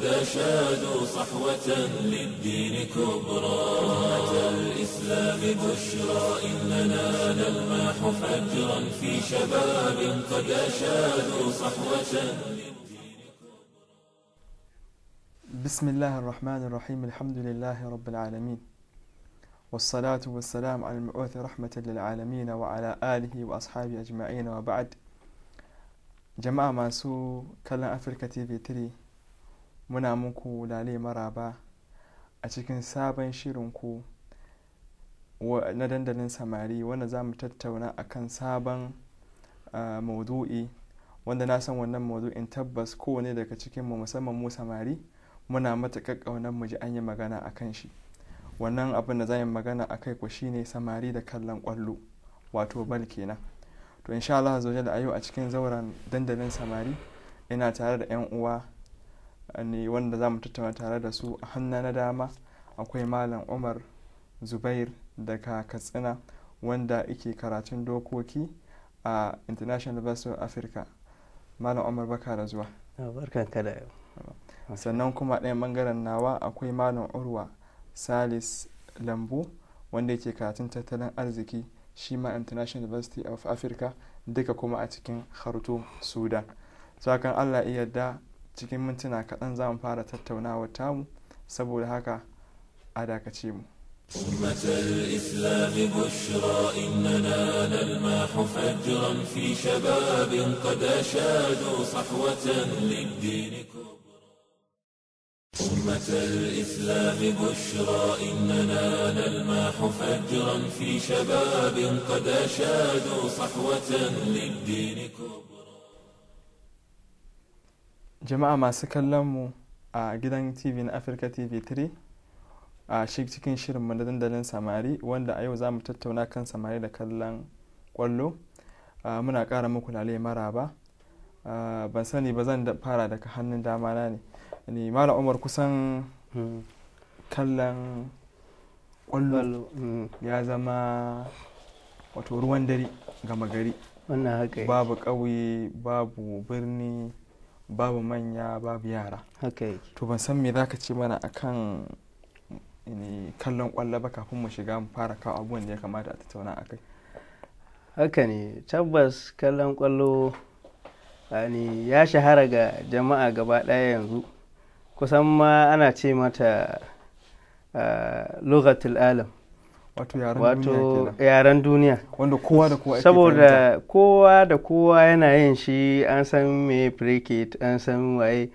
قد أشادوا صحوة للدين كبرى الإسلام بشرى إننا نلمح فجرا في شباب قد أشادوا صحوة بسم الله الرحمن الرحيم الحمد لله رب العالمين والصلاة والسلام على المبعوث رحمة للعالمين وعلى آله وأصحابه أجمعين وبعد جماعة ماسو كلا أفريكا تي في تري muna muku lale maraba a cikin sabon shirinku na dandalin samari wanda za mu tattauna a kan sabon ah, maudu'i wanda na san wannan maudu'in tabbas kowane daga cikinmu musamman mu samari muna matuƙar ƙaunar mu ji an yi magana a kan shi wannan abin da za yi magana a kai ku shine samari da kallon ƙwallo wato bal kenan to insha Allah zo da ayo a cikin zauren dandalin samari ina tare da yan uwa ne wanda za mu tattauna tare da su a hannu na dama akwai malam umar zubair daga katsina wanda ike karatun dokoki a international university of africa malam umar baka da zuwa ah, sannan kuma ɗayan bangaren nawa akwai malam urwa salis lambu wanda yake karatun tattalin arziki shi ma international university of africa duka kuma a cikin khartoum sudan sakan allah iya da cikin mintuna kaɗan za mu fara tattaunawar tamu saboda haka a dakace mu أمة الإسلام بشرى إننا نلماح فجرا في شباب قد أشادوا صحوة للدين كبرى أمة الإسلام بشرى إننا نلماح فجرا في شباب قد أشادوا صحوة للدين كبرى jama'a masu kallon mu a gidan tv na afirka tv 3 a cikin shirin mu samari wanda a yau za mu tattauna kan samari da kallon kwallo muna kara muku lale maraba ban sani ba zan fara daga hannun dama na ne mara umar kusan hmm. kallon kwallo hmm. ya zama wato ruwan dare gama gari babu ƙauye babu birni babu manya babu yara to ban san me za ka ce mana akan kallon kwallo ba kafin mu shiga mu fara kawo abubuwan da ya kamata a tattauna a kai haka ne tabbas kallon kwallo ya shahara ga jama'a gaba ɗaya yanzu kusan ma ana ce mata ah, lokacin alam wato yaren duniya wanda kowa da kowa saboda kowa da kowa yana yin shi an san me pre an san waye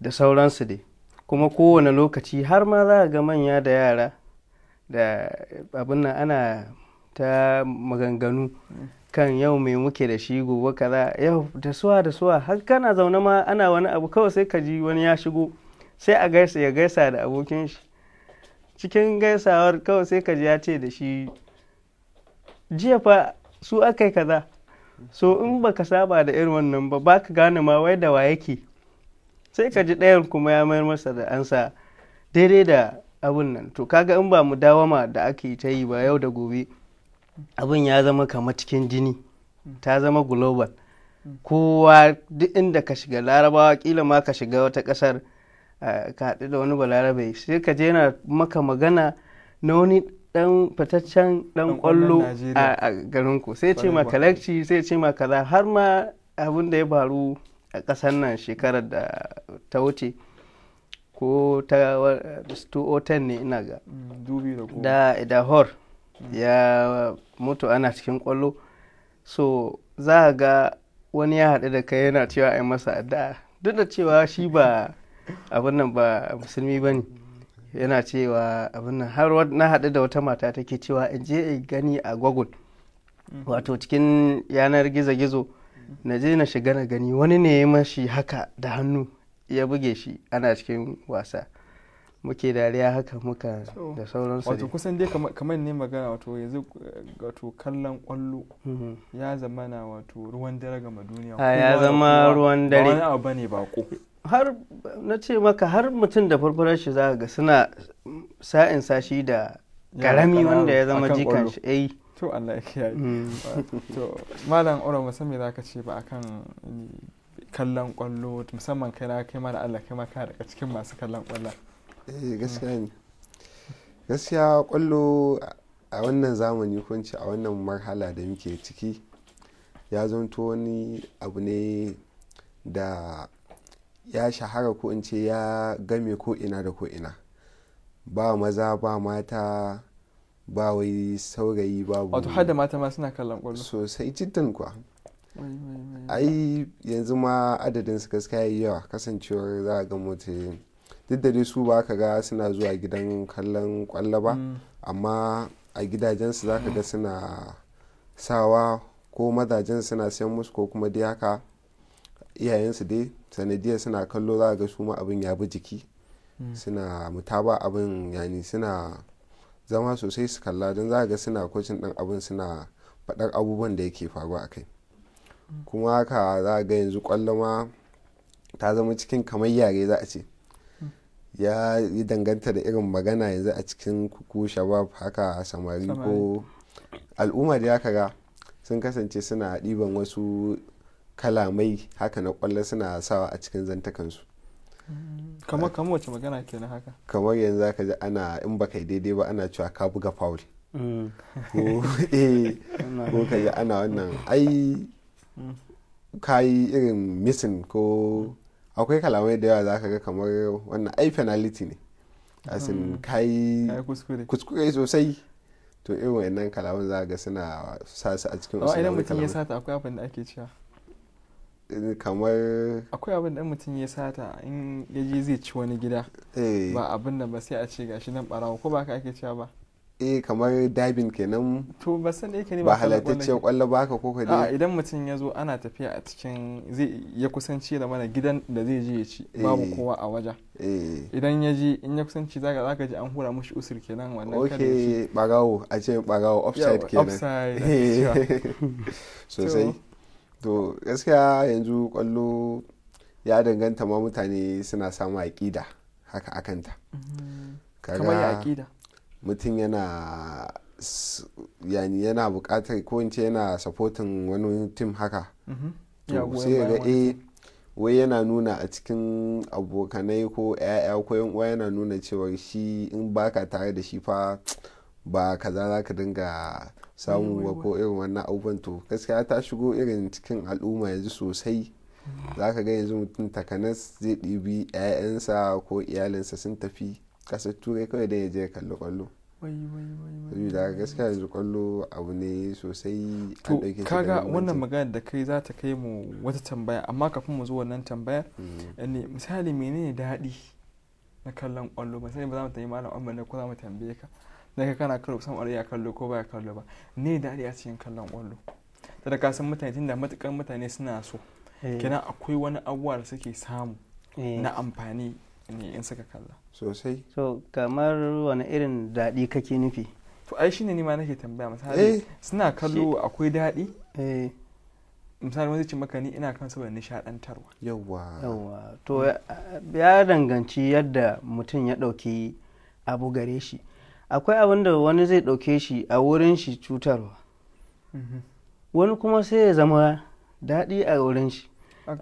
da sauransu dai kuma kowane lokaci har ma za ga manya da yara da abin nan ana ta maganganu kan yau mai muke da shi gobe kaza yau da suwa da suwa har kana zaune ma ana wani abu kawai sai ka ji wani ya shigo sai a gaisa ya gaisa da abokin shi cikin gaisawar kawai sai ka ji ya ce da shi jiya fa su aka yi kaza so in baka saba da irin wannan ba ka gane ma wai da wa yake sai ka ji ɗayan kuma ya mayar masa da ansa daidai da abun nan to kaga in ba mu dawama da ake ta yi ba yau da gobe abin ya zama kama cikin jini ta zama global kowa duk inda ka shiga larabawa kila ma ka shiga wata ƙasar ka haɗu da wani balarabe sai ka je na maka magana na wani dan fitaccen dan kwallo a garinku sai ce ma kalakci sai ce ma kaza har ma abin da ya faru a ƙasar nan shekarar da ta wuce ko ta 2010 ne ina ga mm, da idahor ya mutu ana cikin kwallo so za a ga wani ya haɗu da kai yana cewa a yi masa addu'a duk da cewa shi ba abin nan ba musulmi ba ne yana cewa abin nan har na haɗu da wata mata take cewa in je in gani a google wato cikin yanar gizo-gizo na je na shiga na gani wani ne ya mashi haka da hannu ya buge shi ana cikin wasa muke dariya haka muka da sauransu wato kusan dai kamar ne magana wato yanzu wato kallon kwallo mm-hmm. ya zama na wato ruwan dare ga duniya ah, ya zama ruwan dare ba wani abu ba bako har na ce maka har mutum da farfarar shi zaka ga suna sa'in sashi da karami wanda ya zama jikan shi eh to Allah ya kiyaye mm. to malam Oro musamman zaka ce ba akan kallon kwallo musamman kai na kai mara Allah kai ma ka daga cikin masu kallon kwallon Eh, gaskiya gaskiya kwallo a wannan zamani kunci a wannan marhala da muke ciki ya zonto wani abu ne da ya shahara ko in ce ya game ko ina da ko ina ba maza ba mata ba wai saurayi babu wato hada mata ma suna kallon kwallo sosai jiddan kuwa ai yanzu ma adadin su gaskiya yawa kasancewar za a ga mutum duk da dai su ba ka ga suna zuwa gidan kallon kwallo ba mm. amma a gidajensu za ka ga suna sawa ko mazajen suna siyan musu ko kuma dai haka iyayensu dai sanadiyar suna kallo za ga su ma abin ya bi jiki mm. suna mutaba abin yani suna zama sosai su kalla don za ga suna kocin ɗan abin suna faɗar abubuwan da yake faruwa a kai mm. kuma haka za ga yanzu kwallo ma ta zama cikin kamar yare za a ce ya yi danganta da irin magana yanzu a cikin kuku shabab haka samari ko al'umma da ya kaga sun kasance suna ɗiban wasu kalamai haka na kwallo suna sawa a cikin zantakansu mm. kamar kamar wace magana ke na haka kamar yanzu aka ji ana in ba kai daidai ba ana cewa ka buga faul mm. eh, ko ka ji ana wannan ai mm. ka yi irin misin ko akwai kalamai da yawa za ka ga kamar wannan ai penalty ne asin hmm. kai kuskure sosai to irin wayannan kalaman za ga suna sa su a cikin usulun idan mutum ya sata akwai abin da ake cewa eh, kamar akwai abin da mutum ya sata in ya je zai ci wani gida eh. ba abin da ba sai a ce gashi nan barawo ko ba ka ake cewa ba eh kamar dabin kenan to ba san da yake ne ba halattacciyar kwallo ba ko ka dai idan mutum ya zo ana tafiya a cikin zai ya kusanci da mana gidan da zai je ya ci eh. babu kowa a waje eh. idan ya ji in ya kusanci zaka zaka ji an hura mushi usur kenan wannan kare okay bagawo a ce bagawo offside kenan offside sosai to gaskiya yanzu kwallo ya danganta ma mutane suna samu aƙida haka akanta mm-hmm. kamar ya aƙida mutum yana yani yana bukatar ko yana supporting wani tim haka mm-hmm. to sai ga eh, wai yana nuna a cikin abokanai ko 'ya'ya ko yan uwa yana nuna cewa shi in baka tare da shi fa ba kaza za ka dinga samu mm, ba ko irin wannan abubuwan to gaskiya ta shigo irin cikin al'umma yanzu sosai mm. za ka ga yanzu mutum takanas zai ɗibi 'ya'yansa ko iyalinsa sun tafi kasar turai kawai dai ya je kallo-kallo da gaskiya yanzu kwallo abu ne sosai to kaga wannan magana da kai za ta kai mu wata tambaya amma kafin mu zo wannan tambaya mm. eh, ne misali menene daɗi na kallon kwallo ba sai ba za mu tambayi malam amma ne ko za mu tambaye ka na ka kana kallo san ya kallo ko baya kallo ba ne daɗi a cikin kallon kwallo da ka san mutane tunda matukan mutane suna so eh. kenan akwai wani abubuwa da suke samu eh. na amfani ne in suka kalla sosai so kamar wani irin daɗi kake nufi to ai shine ne ma nake tambaya misali eh. suna kallo akwai daɗi eh. misali wani cin maka ni ina kan saboda nishadantarwa yawwa yawwa to ya danganci yadda mutum ya ɗauki abu gare shi akwai abin da wani zai ɗauke shi a wurin shi cutarwa mm-hmm. wani kuma sai ya zama daɗi a wurin shi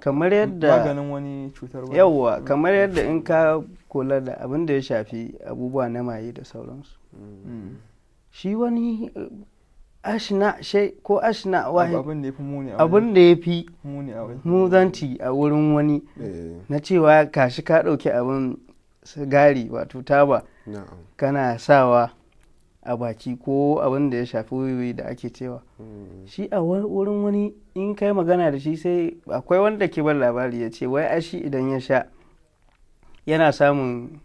kamar yadda maganin wani cutar yawa kamar yadda in ka kula da abin da ya shafi abubuwa na maye da sauransu mm. shi wani ashina shai ko ashina wahi abin da ya fi muzanti a wurin wani eh. na cewa kashi ka ɗauki abin sigari wato taba kana sawa a baki ko abin da ya shafi wiwi da ake cewa mm. shi a wurin wani in kai magana da shi sai akwai wanda ke bar labari ya ce wai shi idan ya sha yana samun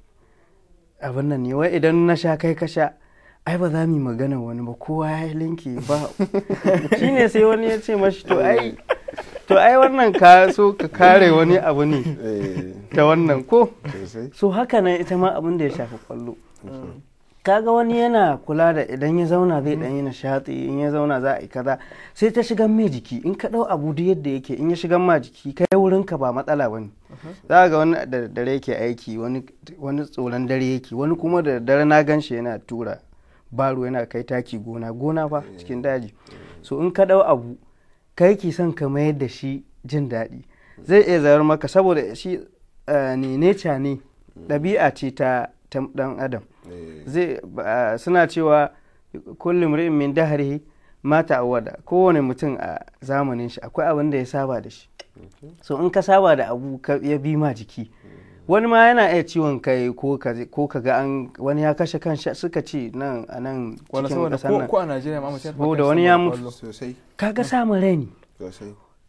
abin nan ne wai idan na sha kai ka sha ai ba za mu yi magana wani ba kowa ya yi linki ba shi ne sai wani ya ce mashi to ai to ai wannan ka so ka kare wani abu ne eh. ta wannan ko so haka nan ita ma abin da ya shafi kwallo kaga wani yana kula da idan ya zauna zai mm. dan yi nishati in ya zauna za a yi kaza sai ta shigan mai jiki in ka dau abu duk yadda yake in ya shigan ma jiki kai wurin ka ba matsala bane uh-huh. za ga wani da dare yake aiki wani wani tsoron dare yake wani kuma da dare na ganshi yana tura baro yana kai taki gona gona fa mm. cikin daji mm. so in ka dau abu kai ki son ka mayar da shi jin daɗi zai iya zayar maka saboda shi eh, ne ne ɗabi'a ce ta ɗan adam zai suna cewa kullum ri'in min dahari mata wada kowane mutum a zamanin shi akwai abin da ya saba da shi so in ka saba da abu ya bi ma jiki wani ma yana iya ciwon kai ko ka ga an wani ya kashe kan suka ce nan a nan cikin ƙasar nan ko a Najeriya ma mutum ya wani ya mutu kaga samun rai ne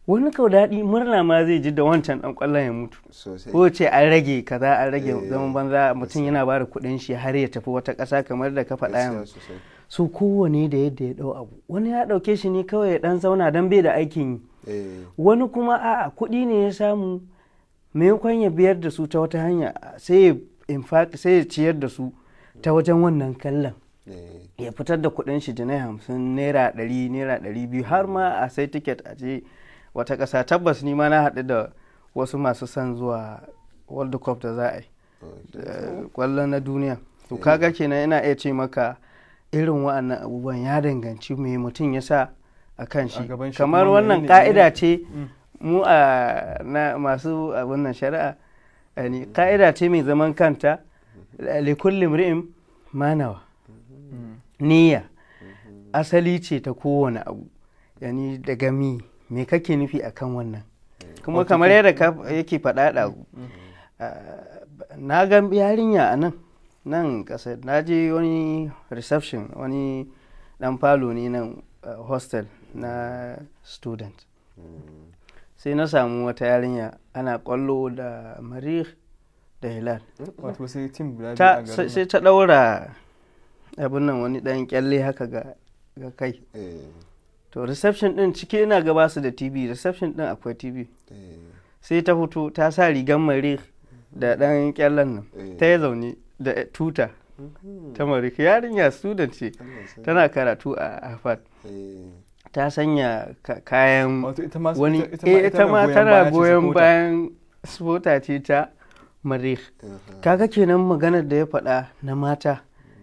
wani kau daɗi murna ma zai ji da wancan ɗan ƙwallon ya mutu ko ce an rage kaza an rage eh, zaman banza mutum yana ba da kuɗin shi har ya tafi wata ƙasa kamar da kafa ɗayan so kowane da yadda ya ɗau abu wani ya ɗauke shi ne kawai ya ɗan zauna don bai da aikin yi eh. wani kuma a'a kuɗi ne ya samu maimakon ya biyar da su ta wata hanya sai ya ciyar da su ta wajen wannan kallon eh. ya fitar da kuɗin shi jinai hamsin naira ɗari naira ɗari biyu har ma a sai tiket a je wata ƙasa tabbas ni ma na haɗu da wasu masu son zuwa world cup da za a yi kwallon eh, na duniya to kaga kenan ina iya ce maka irin wa'annan abubuwan ya danganci me mutum ya sa a kan shi kamar wannan ka'ida ce mm. mu a na masu abin nan shari'a ka'ida ce mai zaman kanta likulli mri'im manawa mm. niyya asali ce ta kowane abu yani daga mi me kake nufi akan wannan kuma kamar yadda yake faɗa da mm. eh, na ga yarinya a nan nan ƙasa na je wani reception wani dan falo ne nan eh, hostel na student mm. sai na samu wata yarinya ana kwallo da marih da hilal sai ta ɗaura abin nan wani ɗan kyalle haka ga kai eh. to reception din ciki ina gaba su da tv reception din akwai tv eh. sai ta fito ta sa rigan mare da dan kyallan nan eh. ta yi zaune da tuta mhm. ta mare yarinya student ce tana karatu a harvard eh. ta sanya kayan wani ita ma tana goyon bayan spota ce ta marih uh-huh. kaga kenan maganar da ya faɗa na mata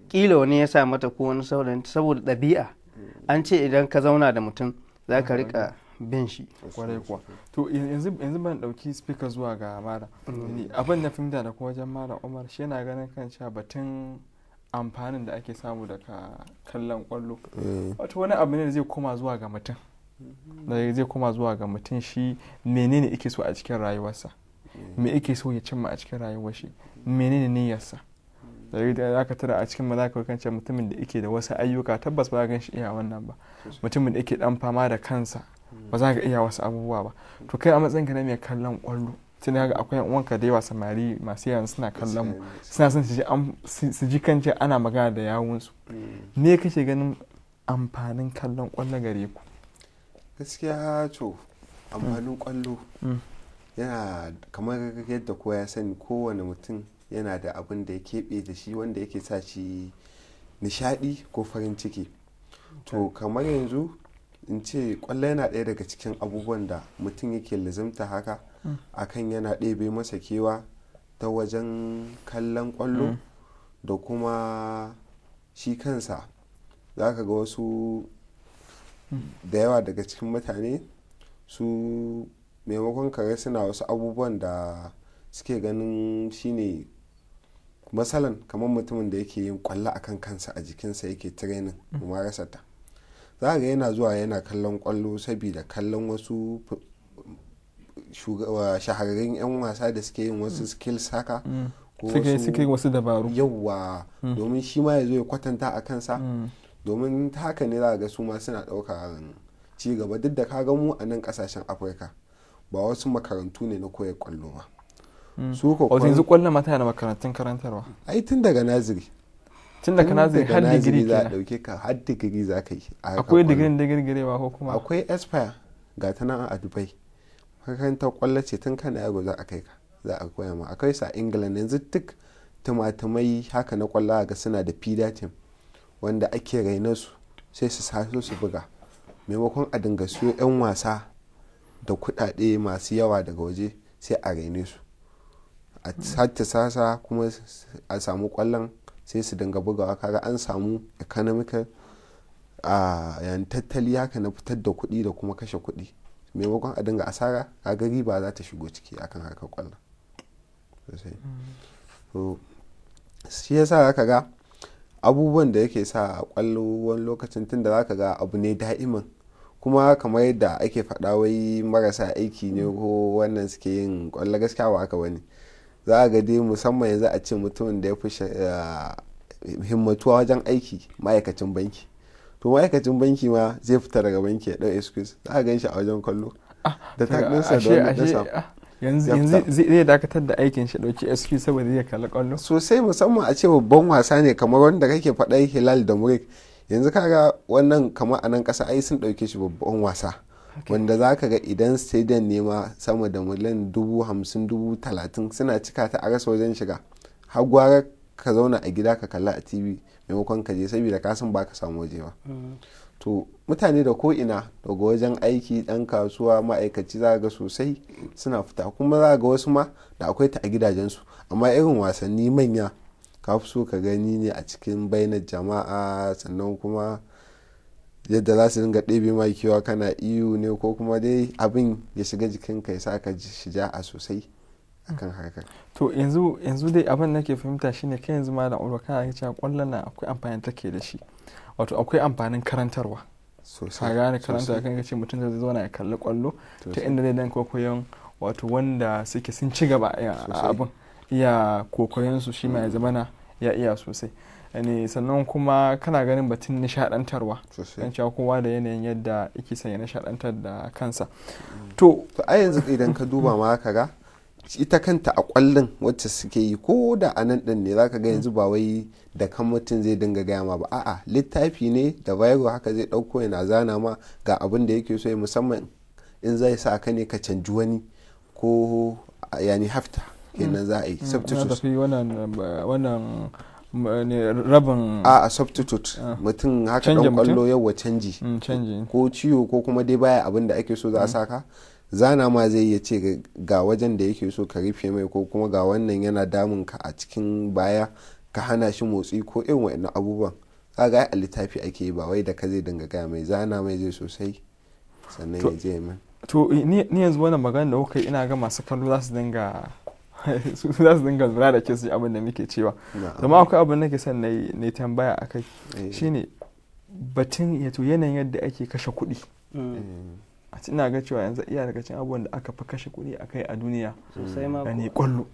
kila wani ya sa mata ko wani saboda ɗabi'a an ce idan ka zauna da mutum za ka rika bin shi kwarai kuwa to yanzu ban dauki speaker zuwa ga mara mm. abin na fim da kuma wajen mara umar shi yana ganin kan cewa batun amfanin da ake samu daga kallon kwallo eh. wato wani abu ne zai koma zuwa ga mutum da zai koma zuwa ga mutum shi menene yake so a cikin rayuwarsa eh. me yake so ya cimma a cikin rayuwar shi menene niyyarsa da za ka tura a cikin maza ka kance mutumin da yake da wasu ayyuka tabbas ba gan shi iya wannan ba mutumin da yake dan fama da kansa hmm. ba za ka iya wasu abubuwa ba to kai a matsayin ka na mai kallon kwallo tun ga akwai yan uwanka da yawa samari masu yawan suna kallon mu suna son su ji kan ana magana da yawunsu ne hmm. kake ganin amfanin kallon kwallo gare ku gaskiya to amfanin kwallo hmm. yana kamar yadda kowa ya sani kowane mutum yana da abin da ya keɓe da shi wanda yake sa shi nishaɗi ko farin ciki to kamar yanzu in ce kwallo yana ɗaya daga cikin abubuwan da mutum yake lazimta haka hmm. akan yana ɗebe masa kewa ta wajen kallon kwallo hmm. da kuma shi kansa za ka ga wasu hmm. da yawa daga cikin mutane su maimakon kare suna wasu abubuwan da suke ganin shine masalan kamar mutumin da yake yin kwallo a kan kansa a jikinsa yake tirenin mm. marasa ta za ga yana zuwa yana kallon kwallo saboda kallon wasu shahararrun 'yan wasa da suke yin wasu mm. skills haka mm. ko wasu dabaru yawa domin shi ma ya zo ya kwatanta a kansa domin ta haka ne za ga su ma suna ɗaukar ci gaba duk da ka mu a nan kasashen afirka ba wasu makarantu ne na koyar kwallo ba Mm. su ko wato yanzu kwallon mata yana makarantun karantarwa ai tun daga naziri tun daga naziri har digiri za a dauke ka har digiri za ka yi akwai digirin da girgirewa ko kuma akwai aspire ga ta nan a dubai makarantar kwallo ce tun kana yaro za a kai ka za a koya ma akwai sa england yanzu duk tumatumai haka na kwallo ga suna da pida team wanda ake raina su sai su saso su buga maimakon a dinga siyo 'yan wasa da kudade masu yawa daga waje sai a raine su a hatta sasa kuma a samu kwallon sai su dinga bugawa kaga an samu economical a yan tattali haka na fitar da kuɗi da kuma kashe kuɗi maimakon a dinga asara kaga riba za ta shigo ciki akan haka kwallon shi yasa ka ga abubuwan da yake sa kwallo wani lokacin tun da zaka ga abu ne da'iman kuma kamar yadda ake faɗa wai marasa aiki ne ko wannan suke yin kwallo gaskiya ba haka wani za a ga dai musamman yanzu a ce mutumin da ya fi himmatuwa wajen aiki ma'aikacin banki to ma'aikacin banki ma zai fita daga banki ya dau excuse za a gan shi a wajen kwallo ah, da takinsa da wani ah, yanzu zai dakatar da aikin shi dauki excuse saboda zai kalli kwallo sosai musamman a ce babban wasa ne kamar wanda kake faɗa hilal da murik yanzu kaga wannan kamar a nan ƙasa ai sun ɗauke shi babban wasa wanda za ka ga idan stadium ne ma sama da miliyan dubu hamsin dubu talatin suna cika ta a rasa wajen shiga har gwara ka zauna a gida ka kalla a tv maimakon ka je saboda ka san baka samu waje ba mm. to mutane da ko ina daga wajen aiki dan kasuwa ma'aikaci za ga sosai suna fita kuma za ga wasu ma da akwai ta a gidajensu amma irin wasanni manya ka fi so ka gani ne a cikin bainar jama'a sannan kuma yadda za su dinga ɗebe ma kewa kana iyu ne ko kuma dai abin ya shiga jikin ya sa ka shi a sosai akan haka. to yanzu dai abin nake fahimta shine kai yanzu malam ulwa kana ga cewa kwallon akwai amfani take da shi wato akwai amfanin karantarwa sosai ka gane karanta kan ce mutum zai na ya kalli kwallo ta inda zai dan kokoyon wato wanda suke sun ci gaba a abin iya kokoyon su shi ma ya zamana ya iya sosai ne sannan kuma kana ganin batun nishadantarwa don cewa kowa da yanayin yadda yake sanya nishadantar da kansa mm. to a yanzu idan ka duba ma ka ga ita kanta a kwallon wacce suke yi ko da a nan ɗin ne ka ga yanzu ba wai da kan mutum zai dinga gaya ma ba a'a littafi ne da bayo haka zai ɗauko yana zana ma ga abin da yake so musamman in zai sa ka ne ka canji wani ko yani hafta mm. kenan za a yi mm. substitute wannan rabin a a substitute ah. mutum haka dan kwallo yawa canji ko ciwo ko kuma dai baya abin da ake so za a mm. saka zana ma zai iya ce ga wajen da yake so ka rufe mai ko kuma ga wannan yana damun ka a cikin baya ka hana shi motsi ko irin wa'annan abubuwan ga a littafi ake yi ba wai da ka zai dinga gaya mai zana mai zai sosai sannan ya je mai to ni yanzu wannan magana da kuka ina ga masu kallo za su dinga su za su dinga lura da ke su abin da muke cewa zama akwai abin da ke son na tambaya a kai eh. shine batun yato yanayin yadda ake kashe kuɗi eh. a ina ga cewa yanzu iya daga cikin abubuwan da aka fi kashe kuɗi a kai a duniya da ne kwallo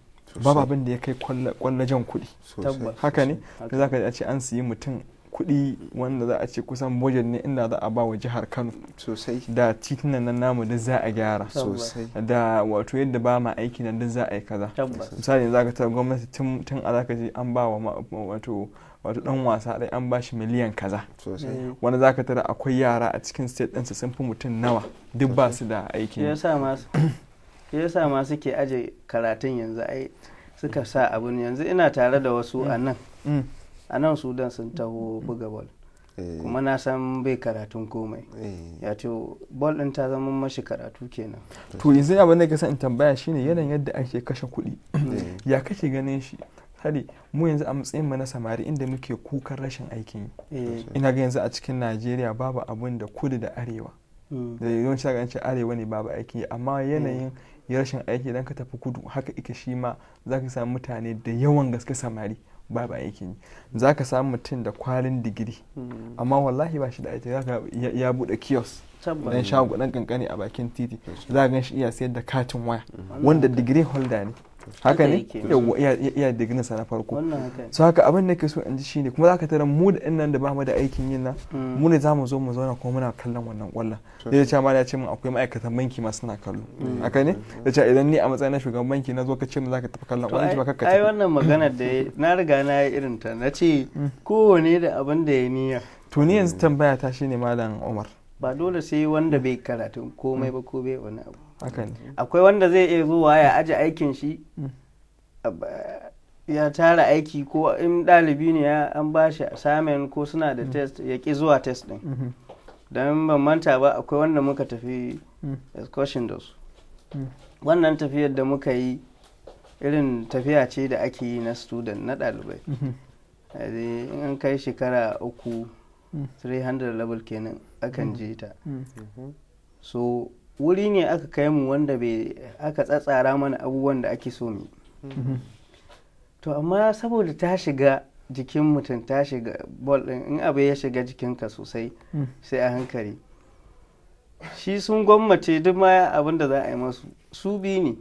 babu abin da ya kai kwallo jan kuɗi haka ne da za ka ce an siyi mutum kuɗi wanda za a ce kusan bojan ne inda za a ba wa jihar kano sosai da titunan nan namu duk za a gyara sosai da wato yadda ba ma aiki nan duk za a yi kaza misali za ka ta gwamnati tun a zaka ji an ba wa wato wato dan wasa dai an ba shi miliyan kaza eh. wanda za ka tara akwai yara a cikin state ɗinsa sun fi mutum nawa duk ba su da aiki yasa ma suke aje karatun yanzu ai suka sa abun yanzu ina tare da wasu a nan mm. a nan sudan sun taho buga ball eh. kuma na san bai karatun komai eh. ya ce bol ɗin ta zama mashi karatu kenan to yanzu abin da ka in tambaya shine yanayin yadda ake kashe kuɗi eh. ya kake ganin shi hari mu yanzu a matsayin mu na samari inda muke kukan rashin aikin yi ina ga yanzu a cikin najeriya babu abin da kudu da arewa hmm. da yawan shi ce arewa ne babu aiki amma yanayin hmm. rashin aiki idan ka tafi kudu haka ike shi ma za ka samu mutane da yawan gaske samari babu aikin yi za ka samu mutum da kwalin digiri hmm. amma wallahi ba shi da aiki ya bude kiosk dan shago kankani a bakin titi za ka gan shi iya sayar da katin waya hmm. wanda digiri holder ne haka ne iya digina na farko so haka abin da ke so in ji shine kuma za ka tara mu da nan da ba mu da aikin yin nan mm. mu ne za mu zo mu zauna kuma muna kallon wannan kwallon zai ce ma ya ce min akwai ma'aikatan banki ma suna kallo mm. haka ne da mm. ce idan ni a matsayin na shugaban banki na zo ka ce min ka tafi kallon kwallon ba kakka ai wannan magana da na riga na yi irin ta na ce kowane da abin da ya niyya to ni yanzu tambaya ta shine malam Umar ba dole sai wanda bai karatu komai ba ko bai wani abu akwai wanda zai iya zuwa ya aji aikin shi mm. ya tara aiki ko in ɗalibi ne ya an ba shi assignment ko suna da mm. test ya ƙi zuwa test ɗin mm-hmm. don ban manta ba akwai wanda muka tafi mm. excursion da su wannan tafiyar da muka yi irin tafiya ce da ake yi na student na ɗalibai mm-hmm. in an kai shekara uku 300 level kenan akan je ta mm-hmm. so wuri ne aka kai mu wanda bai aka tsatsara mana abubuwan da ake so mu mhm. to amma saboda ta shiga jikin mutum ta shiga bol din in abu ya shiga jikinka sosai mm. sai a hankali shi sun gwammace duk ma abin da za a yi masu su biyu ne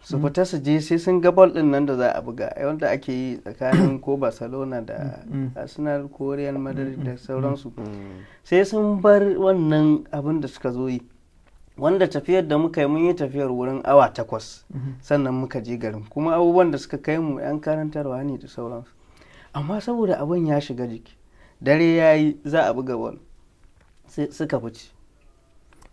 su mm. fita su je sai sun ga bol din nan da za a buga wanda ake yi tsakanin ko barcelona da mm, arsenal ko real madrid da sauransu sai sun bar wannan abin da suka zo yi wanda tafiyar da muka yi mun yi tafiyar wurin awa takwas mhm. sannan muka je garin kuma abubuwan da suka kai mu yan karantarwa ne da sauransu amma saboda abin ya shiga jiki dare ya yi za a buga bol suka fice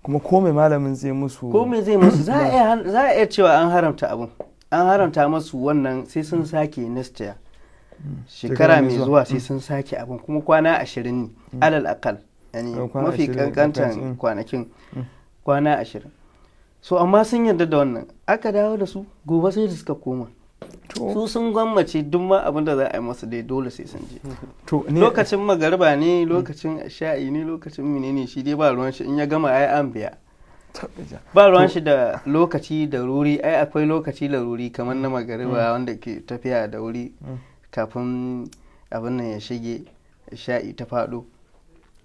kuma ko mai malamin zai musu ko mai zai musu za a iya cewa an haramta abin an haramta masu wannan sai sun mm. sake next year mm. shekara mai zuwa sai mm. sun sake abin kuma kwana ashirin ne alal akal mafi kankantan kwanakin kwana ashirin so amma sun yarda da wannan aka dawo da su gobe sai da suka koma su sun gwammace duk ma abin da za a yi masa dai dole sai sun je lokacin magarba ne lokacin sha'i ne lokacin menene shi dai ba ruwan shi in ya gama ai an biya ba ruwan shi da lokaci da ruri ai akwai lokaci da ruri kamar na magariba mm. wanda ke tafiya da wuri mm. kafin abin nan ya shige sha'i ta faɗo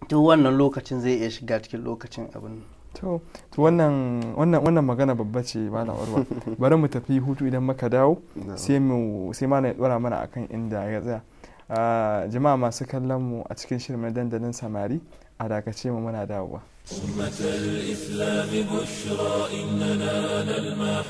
duk wannan lokacin zai iya shiga cikin lokacin abin nan to wannan wannan magana babba ce ba na warwa bari mu tafi hutu idan muka dawo sai mu sai ma ya dora mana akan inda ya tsaya ah, jama'a masu kallon mu a cikin shirin dandalin samari a dakace mu muna dawowa أمة الإسلام بشرى إننا نلمح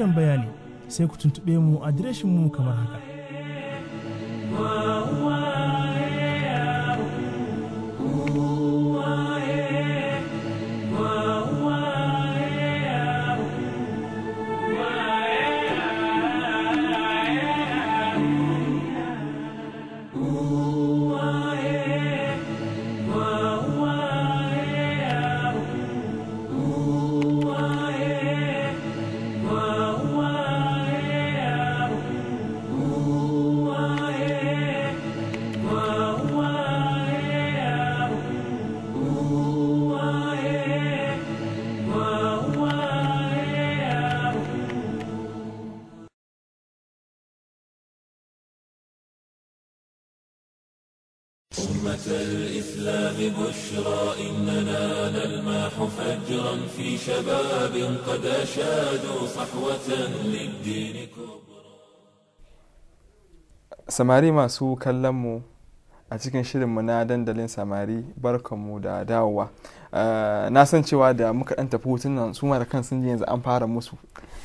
ƙarin bayani sai ku tuntuɓe mu adireshin mu kamar haka إننا نلمح فجرا في شباب قد أشادوا صحوة للدين samari masu kallon mu a cikin shirinmu na dandalin samari barkanmu da dawowa na san cewa da muka dan tafi hutun nan su da kan sun yanzu an fara musu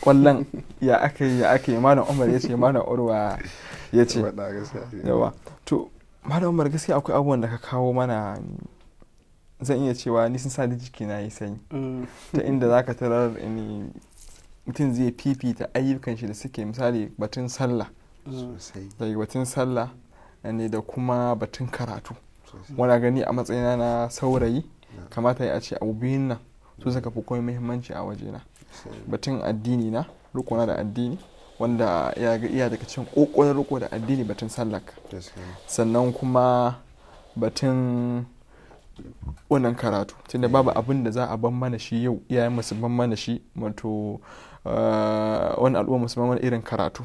kwallon ya aka yi ya aka yi malam umar ya ce malam urwa ya ce yawa to malam umar gaskiya akwai abubuwan da ka kawo mana zan iya cewa ni sun da jiki na yi sanyi mm. ta inda zaka tarar ni mutum zai fifita ayyukan shi da suke misali batun sallah mm. daga batun sallah ne da kuma batun karatu wana gani a matsayina na saurayi kamata ya ce abu biyun nan su saka fi kome muhimmanci a wajena batun addini na rukuna da addini wanda ya ga iya daga cikin kokonin riko da addini batun sallaka sannan kuma batun wannan karatu tunda babu abin da za a ban mana shi yau iyayen musu ban mana shi wato eh, wani al'umma musu ban mana irin karatu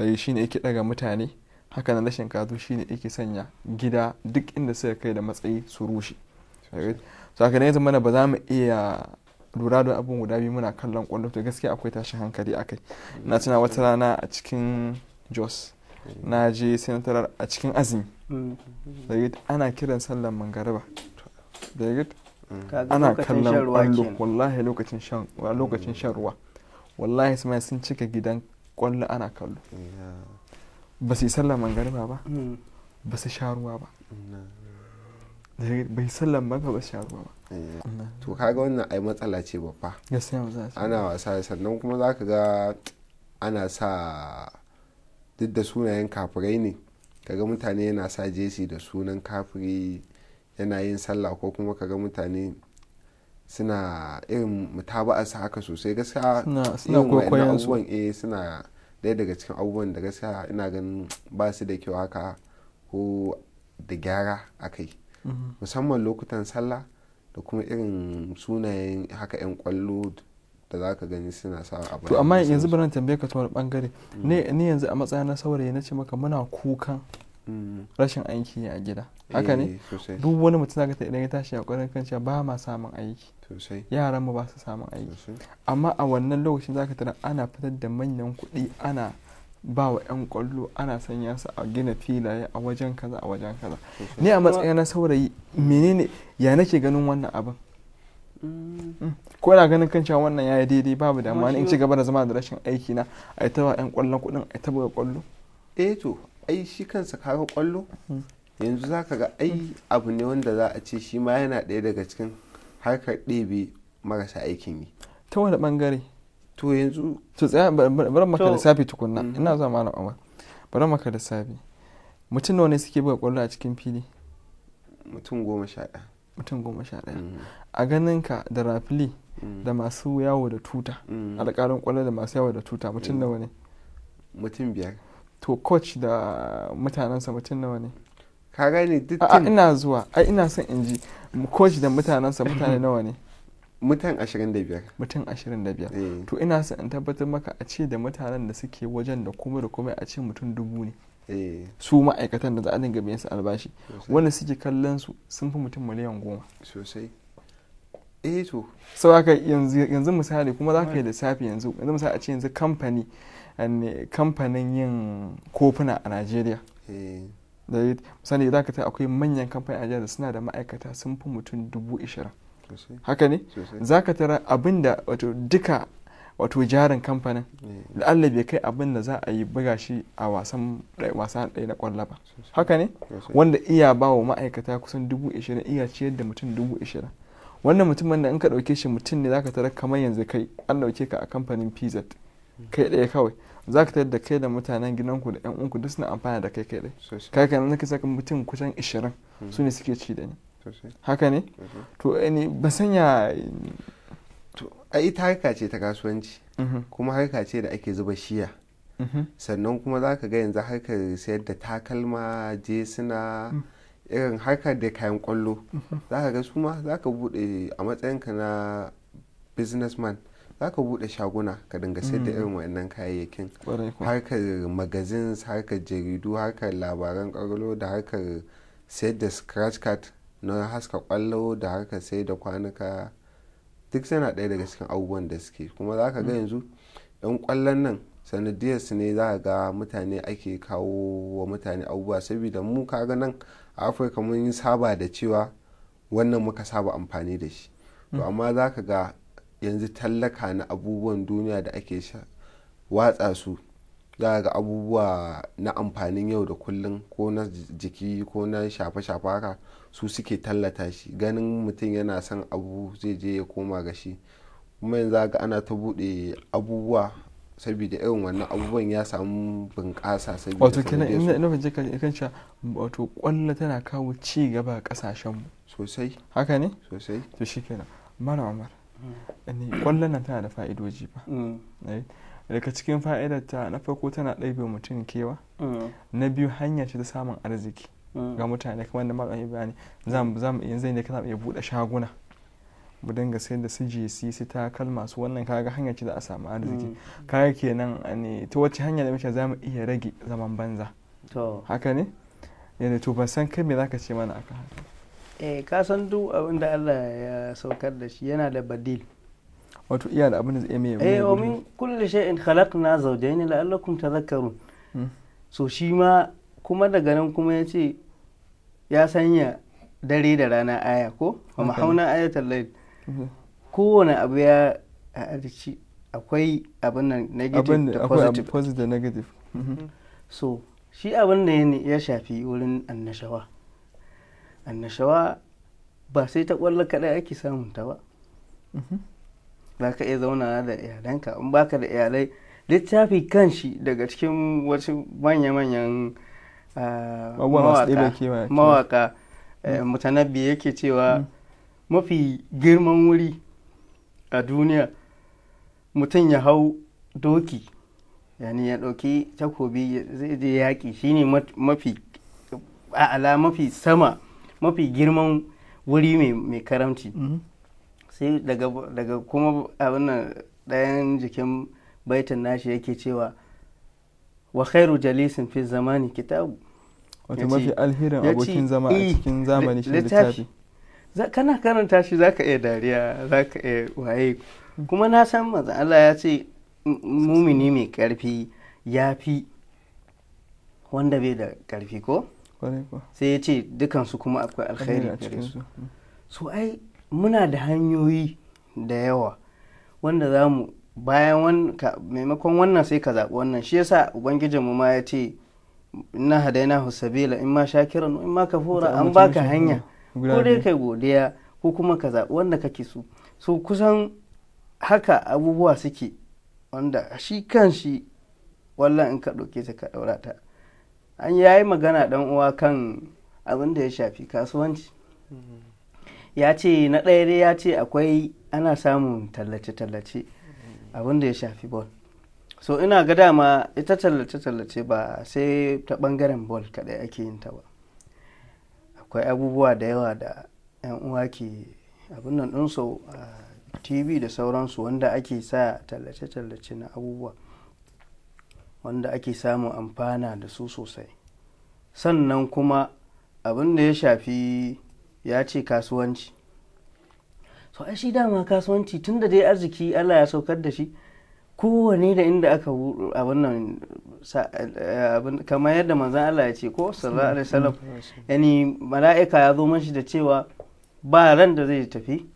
eh, shi ne yake daga mutane haka na rashin karatu shi ne yake sanya gida duk inda suka kai da matsayi su rushe so eh, haka ne mana ba za mu iya lura da abin guda biyu muna kallon kwallo to gaskiya akwai tashin hankali akai na tuna wata rana a cikin jos na je sai a cikin azumi mm. ana kiran sallar mangariba david ana kallon kwallo wallahi lokacin shan lokacin shan ruwa wallahi su sun cika gidan kwallo ana kallo ba su yi sallar mangariba ba hmm. ba su sha ruwa ba bai sallar maka ba sha ruwa ba eh. to kaga wannan ai matsala ce babba ana wasa sannan kuma za ka ga ana sa duk da sunayen kafirai ne kaga mutane yana sa jesi da sunan kafiri yana yin sallah ko kuma ka ga mutane suna irin mutaba'arsa haka sosai gaskiya irin eh suna daya daga cikin abubuwan da gaskiya ina ganin ba su da kyau haka ko da gyara a kai mm-hmm. musamman lokutan sallah da kuma irin sunayen haka 'yan kwallo da za ka gani suna sa a to amma yanzu bari tambaye ka ta wani bangare mm. ne yanzu a na saurayi na ce maka muna kukan rashin aiki ne a gida haka ne eh, duk wani mutum zaka ta idan ya tashi a ƙwarin kan ba ma samun aiki yaran mu ba su samun aiki amma a wannan lokacin zaka tara ana fitar da manyan kuɗi ana ba wa 'yan kwallo ana sanya su a gina filaye a wajen kaza a wajen kaza ni a matsayin na saurayi menene ya nake ganin wannan abin mm. Mm. ko na ganin kan cewa wannan yayi daidai babu damuwa in ci gaba da zama da rashin aiki na a ta wa 'yan kwallon kuɗin a ita buga kwallo eh to ai shi kansa kawo kwallo hmm. yanzu za ka ga ai hmm. abu ne wanda za a ce shi ma yana ɗaya daga cikin harkar ɗebe marasa aikin yi ta wani bangare to yanzu to tsaya bari maka lissafi tukunna hmm. ina zuwa malam amar bari maka lissafi mutum nawa ne suke buga kwallo a cikin fili mutum goma sha ɗaya mutum goma sha ɗaya a ganin ka da rafili da masu yawo da tuta alƙalin kwallo da masu yawo da tuta mutum nawa ne mutum biyar to coach da mutanensa mutum nawa ne ka gane duk a ina zuwa a ina son in ji coach da mutanensa mutane nawa ne mutan 25 mutan 25 to ina son in tabbatar maka a ce da mutanen da suke wajen da kuma da kuma a ce mutum dubu ne eh. su ma'aikatan da za a dinga biyan su albashi wanda suke kallon su sun fi mutum miliyan goma sosai eh to sau yanzu misali kuma za ka yi lissafi yanzu yanzu misali a ce yanzu kamfani kamfanin yin kofuna a najeriya eh. da misali idan ka akwai manyan kamfanin a da suna da ma'aikata sun fi mutum dubu ishirin haka ne za ka tara abin da wato duka wato jarin kamfanin da eh. allah bai kai abin da za a yi buga shi a wasan ɗaya na ƙwallo ba haka ne wanda iya ba wa ma'aikata kusan dubu ishirin iya ciyar da mutum dubu ishirin wannan mutumin da in ka ɗauke shi mutum ne ka tara kamar yanzu kai an ɗauke ka a kamfanin pz kai ɗaya kawai za ka da kai da mutanen gidanku da yan uku duk suna amfana da kai kai dai kai nan ka saka mutum kusan 20 hmm. su ne suke ci da ni haka ne hmm. to ni ba sanya a ita haka ce ta kasuwanci mhm. kuma haka ce da ake zuba shiya mhm. sannan kuma za ka ga yanzu haka sayar da takalma jesuna hmm. irin harkar da kayan kwallo mhm. za ka ga su ma za ka bude a matsayinka na businessman za ka buɗe shaguna ka dinga sayar da mm. irin wannan kayayyakin harkar magazins harkar jaridu harkar labaran kwallo da harkar sayar da scratch card na haska kwallo da harkar sayar da kwanuka duk yana ɗaya daga cikin abubuwan da suke kuma za ka ga mm. yanzu 'yan kwallon nan sanadiyar su ne za ga mutane ake kawo wa mutane abubuwa saboda mu kaga nan a afirka mun yi saba da cewa wannan muka saba amfani da shi to mm. amma za ka ga yanzu tallaka na abubuwan duniya da ake sha watsa su za ga abubuwa na amfanin yau da kullum ko na jiki ko na shafe-shafe haka su suke tallata shi ganin mutum yana son abu zai je ya koma ga shi kuma yanzu za ga ana ta buɗe abubuwa saboda irin wannan abubuwan ya samu bunƙasa saboda wato kenan ina fahimci kan ikan sha wato kwalla tana kawo ci gaba a kasashen mu sosai haka ne sosai to shikenan malam mara. kwallon nan tana da fa'idoji ba mm. eh, daga cikin fa'idar ta na farko tana ɗaibe mutum kewa mm. na biyu hanya ce ta samun arziki mm. ga mutane kamar da malam ibrahim za mu yanzu ne ka iya buɗe shaguna mu dinga sai da su si su takalma su wannan kaga hanya ce da a samu arziki kaga kenan ne ta wacce hanya da muke za mu iya rage zaman banza haka ne yadda eh, to ban san kai me zaka ce mana akan haka eh ka san duk abin da Allah ya saukar da shi yana da badil wato iya da abin da zai mai eh wa min kulli shay'in khalaqna zawjayn la'allakum tadhakkarun hmm. so shi ma kuma daga nan kuma ya ce ya sanya dare da rana aya ko wa mahauna ayatul layl hmm. kowane abu ya arci akwai abin nan negative da positive da negative hmm. so shi abin da ya shafi wurin annashawa annashawa ba sai ta ƙwallo kaɗai ake samun ta ba mhm. za ka iya zauna da iyalanka in baka da iyalai littafi kanshi daga cikin wasu manya-manyan ah, mawaka eh, mm. mutanabbi yake cewa mm. mafi girman wuri a duniya mutum ya hau doki yani ya ɗauki takobi zai je yaƙi shine mafi a'ala mafi sama mafi girman wuri mai karamci mm-hmm. sai daga kuma abin ɗayan jikin baitin nashi yake cewa wa khairu jalisin fi zamani kitabu wato mafi alherin abokin zama a eh, cikin zamani shi littafi kana karanta shi za ka iya dariya za ka iya waye kuma na san maza Allah ya ce mumini mai karfi ya fi wanda bai da karfi ko sai ya ce dukansu kuma akwai alkhairi gare su so ai muna da hanyoyi da yawa wanda za mu bayan maimakon wannan sai ka zaɓi wannan shi yasa ubangijin mu ma ya ce na hadaina husabila in ma kiran in ma kafura an baka hanya ko dai kai godiya ko kuma ka zaɓi wanda kake so so kusan haka abubuwa suke wanda shi kan shi wallan in ka ɗauke ta ka ɗaura ta an yayi magana dan uwa kan abin da ya shafi kasuwanci ya ce na ɗaya dai ya ce akwai ana samun tallace-tallace abin da ya shafi bol so ina ga dama ita tallace-tallace ba sai ta ɓangaren bol kaɗai ake yin ta ba akwai abubuwa da yawa da 'yan uwa ke abin nan ɗinsu a tv da sauransu wanda ake sa tallace-tallace na abubuwa wanda ake samun amfana da su sosai sannan kuma abin da ya shafi ya ce kasuwanci so ai shi dama kasuwanci tun da dai arziki allah ya saukar da shi kowane da inda aka abin nan eh, kamar yadda manzan allah ya ce ko sallallahu alaihi salam yani mala'ika ya zo mashi da cewa ba ran da zai tafi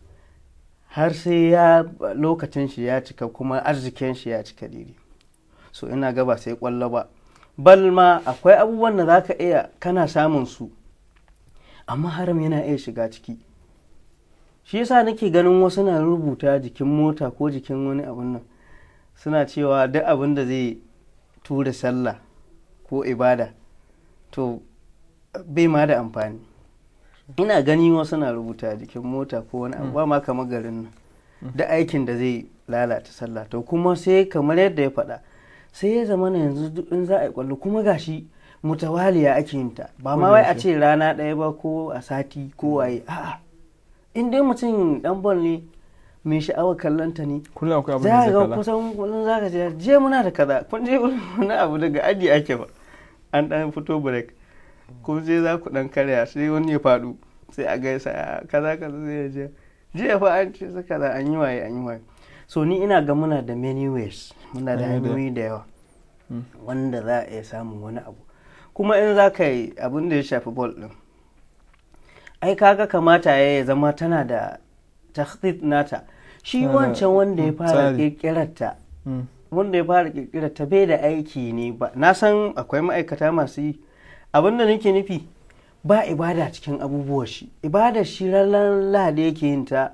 har sai ya lokacin shi ya cika kuma arzikin shi ya cika daidai so ina ga ba sai kwallo ba bal ma akwai abubuwan da za ka iya kana samun su amma haram yana iya shiga ciki shi yasa nake ganin wasu na rubuta jikin mota ko jikin wani abun nan suna cewa duk abin da zai tura sallah ko ibada to bai ma da amfani ina gani wasu na rubuta jikin mota ko wani abu ma kamar garin nan da aikin da zai lalata sallah to kuma sai kamar yadda ya faɗa sai ya zama na yanzu in za a yi kwallo kuma gashi mutawaliya ake yin ta ba ma wai a ce rana ɗaya ba ko a sati ko waye a'a in dai mutum dan bol ne mai sha'awar kallon ta ne za a ga kusan zaka kusan kullum zaka ce je muna da kaza kun je wani abu daga aji ake ba an dan fito break ko je za ku dan karya sai wani ya faɗu sai a gaisa kaza kaza sai ya je je fa an ce kaza an yi waye an yi waye so ni ina ga muna da many ways muna da hanyoyi da yawa hmm. wanda za a iya samun wani abu kuma in za ka yi abin da ya shafi bol din ai kaga kamata ya zama tana da tahdid nata shi wancan wanda ya fara kirkirarta hmm. wanda ya fara kirkirarta bai da aiki ne ba na san akwai ma'aikata masu yi abin da nake nufi ba ibada cikin abubuwa shi ibada shi ranar lahadi yake yin ta